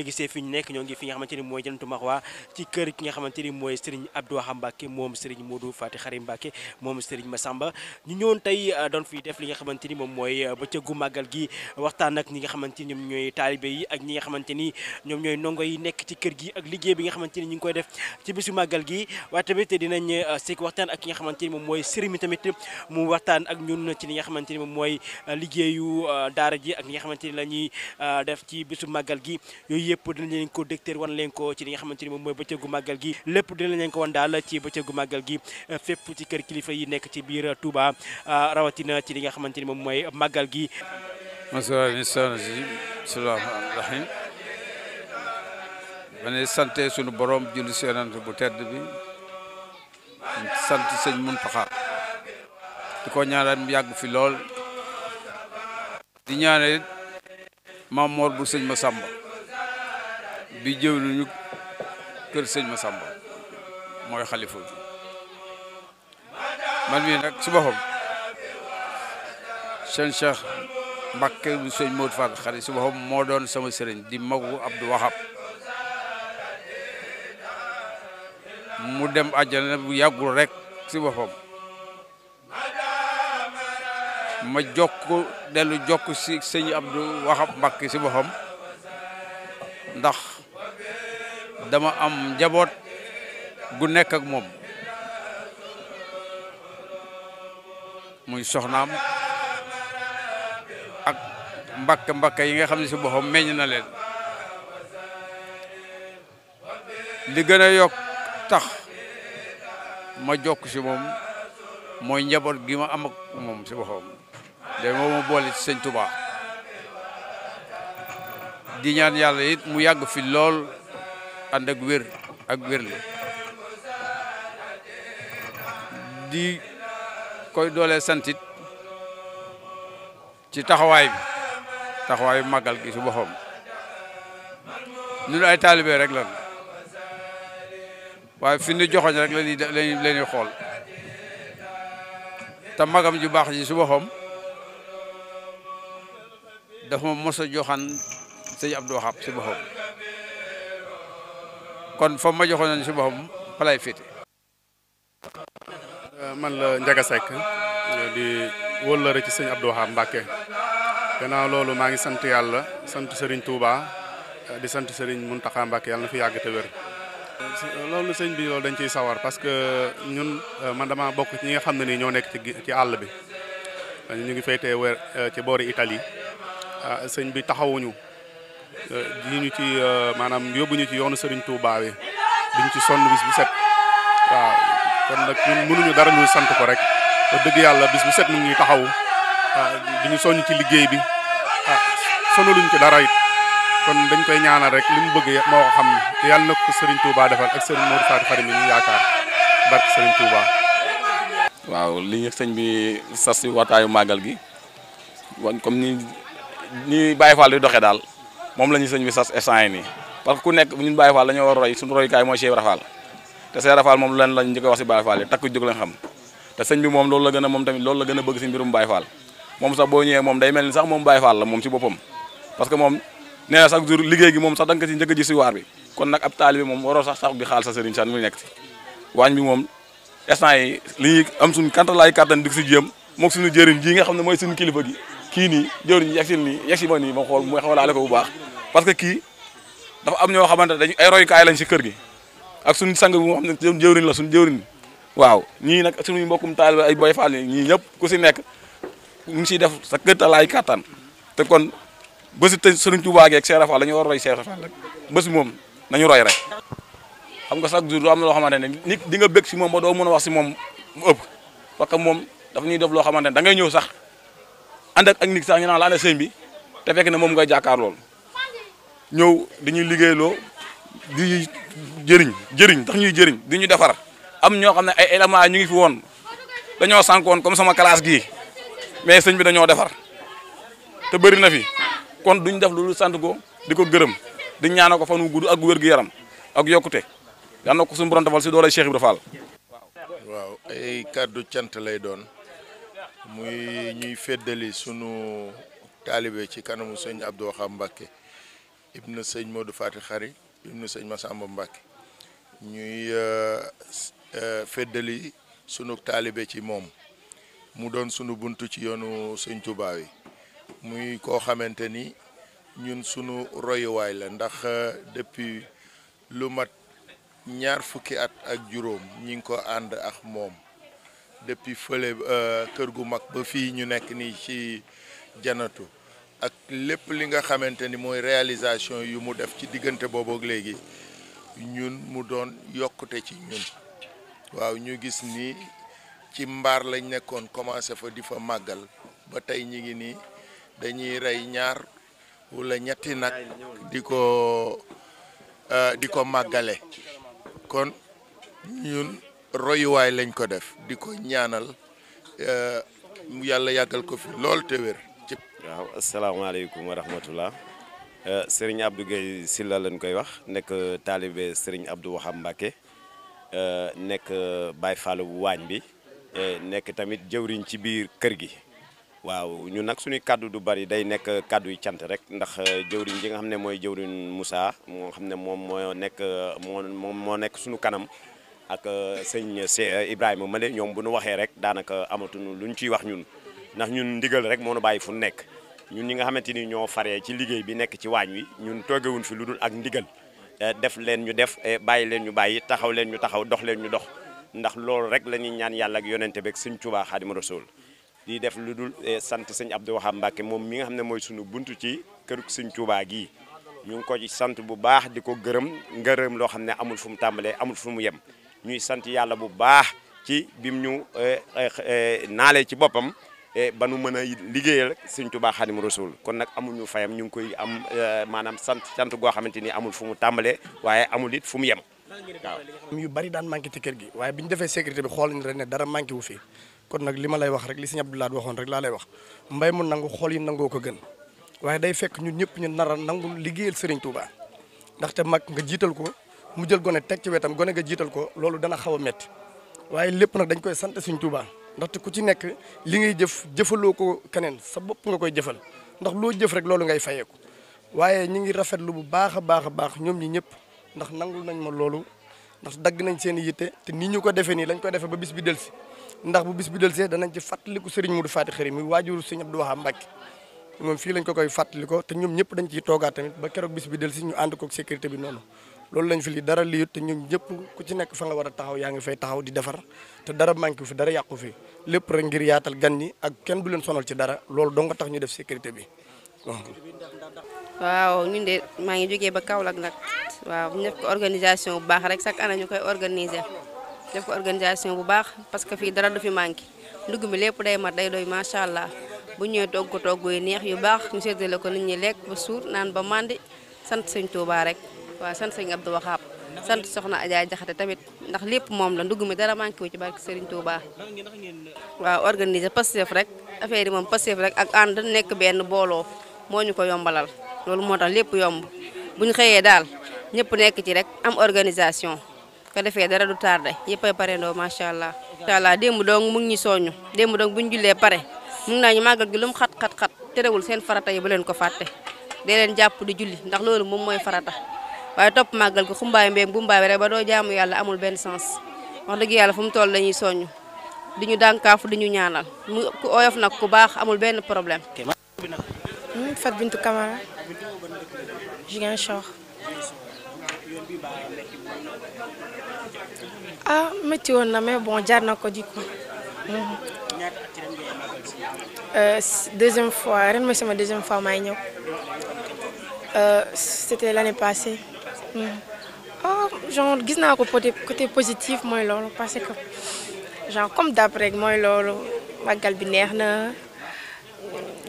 a gisee fi ñu nekk ñoo ngi fi nga xamante ni mooy Jannatul Maxwa ci kër ki nga xamante ni mooy Serigne Abdou Wahab Mbacke moom Serigne Modou Fati Xarim Mbacke moom Serigne Massamba ñu ñëwoon tey euh, doon fi def li nga xamante ni moom mooy euh, bëccëgu màggal gi waxtaan ak ñi nga xamante ni ñoom ñooy taalibe yi ak ñi nga xamante ni ñoom ñooy ndongo yi nekk ci kër gi ak liggéey bi nga xamante ni ñu ngi koy def ci bisu màggal gi waaye tamit dinañ euh, sekk waxtaan ak ki nga xamante ni moom mooy Serigne mi tamit mu waxtaan ak ñun ci li nga xamante ni moom mooy liggéeyu daara ji ak li nga xamante ni la def ci bisu màggal gi yëpp dinañ leen ko dégter wan leen ko ci li nga xamante ni moom mooy bëccëgu màggal gi lépp dinañ leen ko wan daal ci bëccëgu màggal gi euh, fépp ci kër kilifa yi nekk ci biir euh, Touba euh, rawatina ci li nga xamante ni moom mooy màggal gi bismillahirrahmanirrahim ma ne sante sunu borom julli si bu tedd bi sant sëñ Muntaxa di ko ñaanal mu yàgg fi lool di ñaanal maam moor bu sëñ Masamba bi jëw ñu kër sëñ Massamba mooy xalifa bi man mii nag si boppam seen Cheikh Mbacke bu sëñ Modou Fall xarit si boppam moo doon sama sëriñ di magu Abdou Wahab mu dem àjjana bu yàggul rek si boppam ma jokk dellu jokk si sëñ Abdou Wahab Mbacke si boppam ndax dama am njaboot gu nekk ak moom muy soxnaam ak mbakka mbakka yi nga xam ne si boppam meññ na leen li gën a yokk tax ma jokk si moom mooy njaboot gi ma am ak moom si boppam day moo ma boole ci sëñ Touba di ñaan yàlla it mu yàgg fi lool ànd ak wér ak wérle di koy doole santit ci taxawaay bi taxawaayu màggal gi su boppam ñun ay taalibe rek lan waaye fi ñu joxoñ rek lañuy xool te magam ju baax ji su boppam dafa ma mos a joxan sëñ Abdou Wahab si kon fa ma joxoon nañu si boppam fa lay féete. Euh, man la Ndiaga Seck euh, di wóllare ci sëñ Abdou Wahab Mbacke gannaaw loolu maa ngi sant yàlla sant Serigne Touba euh, di sant Serigne taxa Mbacke yàlla na fi yàgg te wér. loolu sëñ bi loolu dañ ciy sawar parce que ñun man dama bokk ci ñi nga xam ne nii ñoo nekk ci ci àll bi ñu ngi féetee weer ci boori Italie sëñ bi taxawuñu. di ñu ci euh, maanaam yóbbu ñu ci yoonu Serigne Touba wi duñ ci sonn bis bu set waaw mënuñu dara lu sant ko rek te dëgg yàlla bis bu set mu ngi taxaw di ñu soññ ci liggéey bi ah sonaluñ ci dara kon dañ koy ñaanal rek li mu bëgg moo ko xam yàlla na ko sëriñ Touba defal ak Serigne Modou Fatou Fadi mi ñu yaakaar barke Serigne Touba. waaw li ñu sëñ bi sas si waxtaayu màggal gi comme ni ni Baye Fall di doxee daal. moom lañu ñu bi sas instant yi nii parce que ku nekk ñun Baye Fall dañoo war roy suñu mooy Cheikh Ibra te Cheikh moom lan lañ wax si Baye Fall yi takku jóg xam te sëñ bi moom loolu la gën a moom tamit loolu la gën a bëgg si mbirum Baye Fall moom sax boo ñëwee moom day mel ni sax moom Baye Fall la moom si boppam parce que moom nee na chaque jour liggéey gi moom sax da nga njëkk ji si waar bi kon nag ab taalibe moom waroo sax sax bi xaal sa sëriñ san mu xam ne mooy suñu kilifa gi kii nii baax parce que kii dafa am ñoo xamante dañu ay royukaay lañ si kër gi ak suñu sang bi moo la suñu jëwriñ waaw ñii nag suñu mbokkum taal ay boy faal ñii ñëpp ku si nekk ñu siy def sa kër talaay te kon bés it sëriñ Tuubaa ak Seex Faal la ñu war a roy Seex Faal rek bés moom nañu roy rek. xam nga chaque jour du am na loo xamante ne nit di nga bëgg si moom ba doo mën a wax si moom mu ëpp parce que moom dafa ñuy def loo xamante ne da ngay ñëw sax ànd ak nit sax ñu naan la ana sëñ te fekk ne moom ngay jàkkaar lool ñëw dañuy liggéeyloo di jëriñ jëriñ tax ñuy jëriñ di ñu defar am ñoo xam ne ay éléments ñu ngi fi woon dañoo sànq woon comme sama classe gii mais sëñ bi dañoo defar te bëri na fi kon duñ def loolu sant ko di ko gërëm di ñaana ko fan wu gudd ak wér gu yaram ak yokkute yal na ko suñu borom si doole Cheikh Ibra Fall. waaw ay kàddu cant lay doon muy ñuy feddali sunu taalibe ci kanamu sëñ Abdou Wahab Mbacké ibnu sëñ Modou Fati Xari ibnu sëñ Massamba Mbacke ñuy euh, euh, feddali sunu taalibe ci moom mu doon sunu bunt ci yoonu sëñ Touba muy koo xamante ni ñun sunu royuwaay la ndax euh, depuis lu mat ñaar fukki at ak juróom ñi ngi ko ànd ak moom depuis fële kër gu mag ba fii ñu nekk nii ci janatu ak lépp li nga xamante ni mooy réalisation yu mu def ci diggante boobook léegi ñun mu doon yokkute ci ñun waaw ñu gis ni ci mbaar lañ nekkoon commencé fa di fa màggal ba tey ñi ngi nii dañuy rey ñaar wala ñetti nag di ko euh, di ko màggale kon ñun royuwaay lañ ko def di ko ñaanal euh, yàlla yàggal ko fi lool te waaw asalaamaaleykum wa rahmatullah eh, Serigne Abdou Guèye Sylla lañ koy wax nekk taalibe Serigne Abdou Wahab Mbacké eh, nekk Baye Fall bu waañ bi eh, nekk tamit jëwriñ ci biir kër gi waaw ñu nag suñuy kàddu du bari day nekk kàddu yu cant rek ndax jëwriñ ji nga xam ne mooy jëwriñ Moussa moo xam ne moom moo nekk moo moom moo nekk suñu kanam ak sëñ Ibrahima Male ñoom bu ñu waxee rek daanaka amatuñu luñ ciy wax ñun ndax ñun ndigal rek moo nu bàyyi fu nekk ñun ñi nga xamante ni ñoo faree ci liggéey bi nekk ci waañ wi ñun toogewuñ fi lu dul ak ndigal eh, def leen ñu def eh, bàyyi leen ñu bàyyi taxaw leen ñu taxaw dox leen ñu dox ndax loolu rek la ñuy ñaan yàlla ak yonente beeg sëñ Tuubaa Xaadimu Rasuul di def lu dul eh, sant sëñ Abdou Wahab Mbàkke moom mi nga xam ne mooy sunu buntu ci kërug sëñ Tuubaa gii ñu ngi ko ci sant bu baax di ko gërëm ngërëm loo xam ne amul fu mu tàmbalee amul fu mu yem ñuy sant yàlla bu baax ci bim ñu naale ci boppam Eh, ba nu mën a liggéeyal Sëñ Tuubaa Xaadimu Rasuul kon nag amuñu fayam ñu ngi koy am eh, maanaam sant sant goo xamante ni amul fu mu tàmbalee waaye amul it fu mu yem waaw. yu bari daan manqué ci kër gi waaye bi defee sécurité xool nañ rek ne dara manqué wu fi kon nag lima lay wax rek li Sëñ Abdou Lahad waxoon rek laa lay wax mbay mu nangu xool yi nangoo ko gën waaye day fekk ñun ñëpp ñu nar nangu liggéeyal Sëriñ Tuubaa ndaxte mag nga jiital ko mu jël gone teg ci wetam gone nga jiital ko loolu dana xaw a métti waaye lépp nag dañ koy sant Sëriñ Tuubaa ndaxte ku ci nekk li ngay jëf jëfaloo ko keneen sa bopp nga koy jëfal ndax loo jëf rek loolu ngay fayeeku waaye ñu ngi rafetlu bu baax a baax a baax ñoom ñi ñëpp ndax nangul nañ ma loolu ndax dagg nañ seen i yitte te ni ñu ko defee nii lañ ko defee ba bis bi si ndax bu bis bi delsi danañ ci fàttaliku Serigne Modou Faty Khary muy waajuru Serigne Abdou Wahab Mbacké moom fii lañ ko koy fàttaliko te ñoom ñëpp dañ ciy toogaat tamit ba keroog bis bi si ñu ànd ko bi noonu loolu lañ fi li dara lii te ñu ñëpp ku ci nekk fa nga war a taxaw yaa ngi fay taxaw di defar te dara manqué fi dara yàqu fi lépp rek ngir yaatal gan ñi ak kenn du leen sonal ci dara loolu dong tax ñu def sécurité bi. waaw ñun maa ngi jógee ba Kaolack nag waaw organisation bu baax rek chaque année ñu koy organiser def ko organisation bu baax parce que fii dara du fi manqué ndugg mi lépp day mat day doy macha allah bu ñëwee togg ko togg yu neex yu baax ñu séddale ko nit ñi lekk ba suur naan ba màndi sant sëñ Tuubaa rek. waaw sant sëñ Abdou Wahab sant soxna Adja Jaxate tamit ndax lépp moom la ndugg mi dara manqué wu ci barke Serigne Touba. waaw organiser Pastef rek affaire yi moom Pastef rek ak ànd nekk benn booloo moo ñu ko yombalal loolu moo tax lépp yomb bu ñu xëyee daal ñëpp nekk ci rek am organisation ko defee dara du tardé yëpp ay parendoo macha allah. macha allah démb dong mu ngi ñu soññu démb dong bu ñu jullee pare mun naa ñu màggal gi lu mu xat xat xat terewul seen farata yi ba leen ko fàtte dee leen jàpp di julli ndax loolu moom mooy farata. waaye topp màggal gi xumbaay mbeeg bumbaay rek ba doo jaamu yàlla amul benn sens wax dëgg yàlla fu mu toll lañuy soññ di ñu dànkaafu di ñu ñaanal mu nag ku baax amul benn problème. Fat hmm, Bintu Camara Ziguinchor ah métti woon na mais bon jaar na ko di ko euh, deuxième fois ren mooy sama deuxième fois may ñëw euh, c'était l'année passée ah genre gis naa ko côté côté positif mooy loolu parce que genre comme d'hab rek mooy loolu màggal bi neex na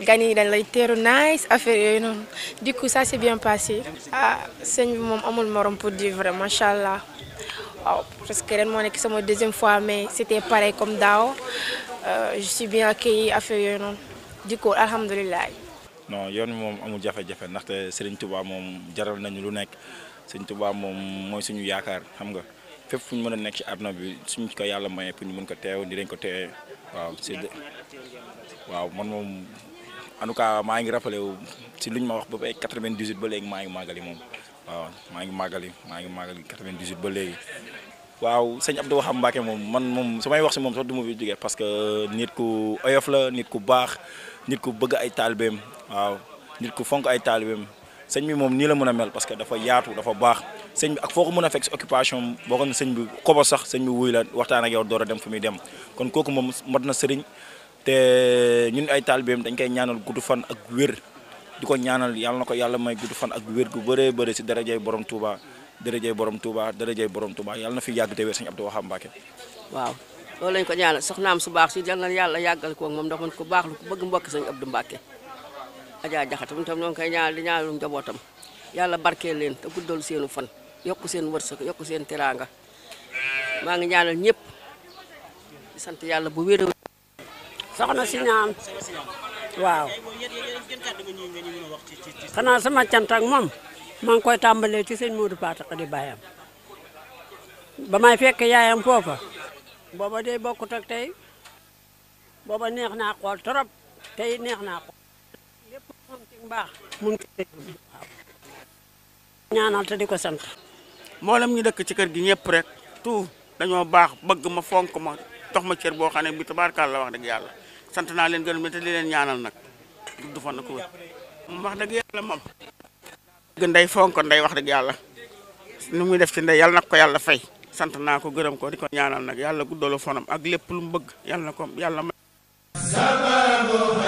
gan yi dañ teru teeru nice affaire yooyu noonu du coup ça s'est bien passé. ah sëñ bi moom amul morom pour dire vrai macha allah waaw parce que ren moo nekk sama deuxième fois mais c'était pareil comme daaw euh, je suis bien accueillie affaire yooyu noonu du coup alhamdulilah. non yoon moom amul jafe-jafe ndaxte Serigne Touba moom jaral nañu lu nekk. sëñ Tuubaa moom mooy suñu yaakaar xam nga fépp fu ñu mën a nekk ci àdduna bi suñ ko yàlla mayee ñu mën ko teew dinañ ko teewee waaw si waaw man moom en tout cas maa ngi rappelé wu si luñ ma wax ba ay 98 ba léegi maa ngi màggali moom waaw maa ngi màggali maa ngi màggali 98 ba léegi waaw sëñ Abdou Wahab Mbacké moom man moom su may wax si moom sax du ma fi jógee parce que nit ku oyof la nit ku baax nit ku bëgg ay taalibeem waaw nit ku fonk ay taalibeem sëñ bi moom nii la mën a mel parce que dafa yaatu dafa baax sëñ bi ak foo ko mën a fekk si occupation boo ko ne sëñ bi kobo sax sëñ bi wuy la waxtaan ak yow door a dem fu muy dem kon kooku moom mat na sëriñ te ñun ay taalibeem dañ koy ñaanal gudd fan ak wér di ko ñaanal yàlla na ko yàlla may gudd fan ak wér gu bëree bëri si darajay borom Touba darajay borom Touba darajay borom Touba yàlla na fi yàgg te wér sëñ Abdou Wahab Mbacké waaw loolu lañ ko ñaanal soxnaam su baax si na yàlla yàggal ko moom ndax man ko baax lu bëgg mbokk sëñ Abdou Mbacké Adja Jaxate tam ñoo ngi koy ñaanal di ñaanal njabootam yàlla barkeel leen te guddal seenu fan yokk seen wërsëg yokku seen teraanga maa ngi ñaanal ñëpp di sant yàlla bu wér soxna si ñaam waaw xanaa sama cant ak moom maa ngi koy tàmbalee ci sëñ Modou Patax di bàyyam ba may fekk yaayam foofa booba day bokkut ak tey booba neex naa xool trop tey neex naa xool baax mun ñaanal te di ko sant mboolem ñu dëkk ci kër gi ñëpp rek tout dañoo baax bëgg ma fonk ma tox ma cër boo xam ne bi tabaarkalla wax dëgg yàlla sant naa leen gën mi te di leen ñaanal nag du fan na ko wér moom wax dëgg yàlla moom gën nday fonk ndey wax dëgg yàlla nu muy def ci ndey yàlla nag ko yàlla fay sant naa ko gërëm ko di ko ñaanal nag yàlla guddalu fanam ak lépp lu bëgg yàlla na ko yàlla may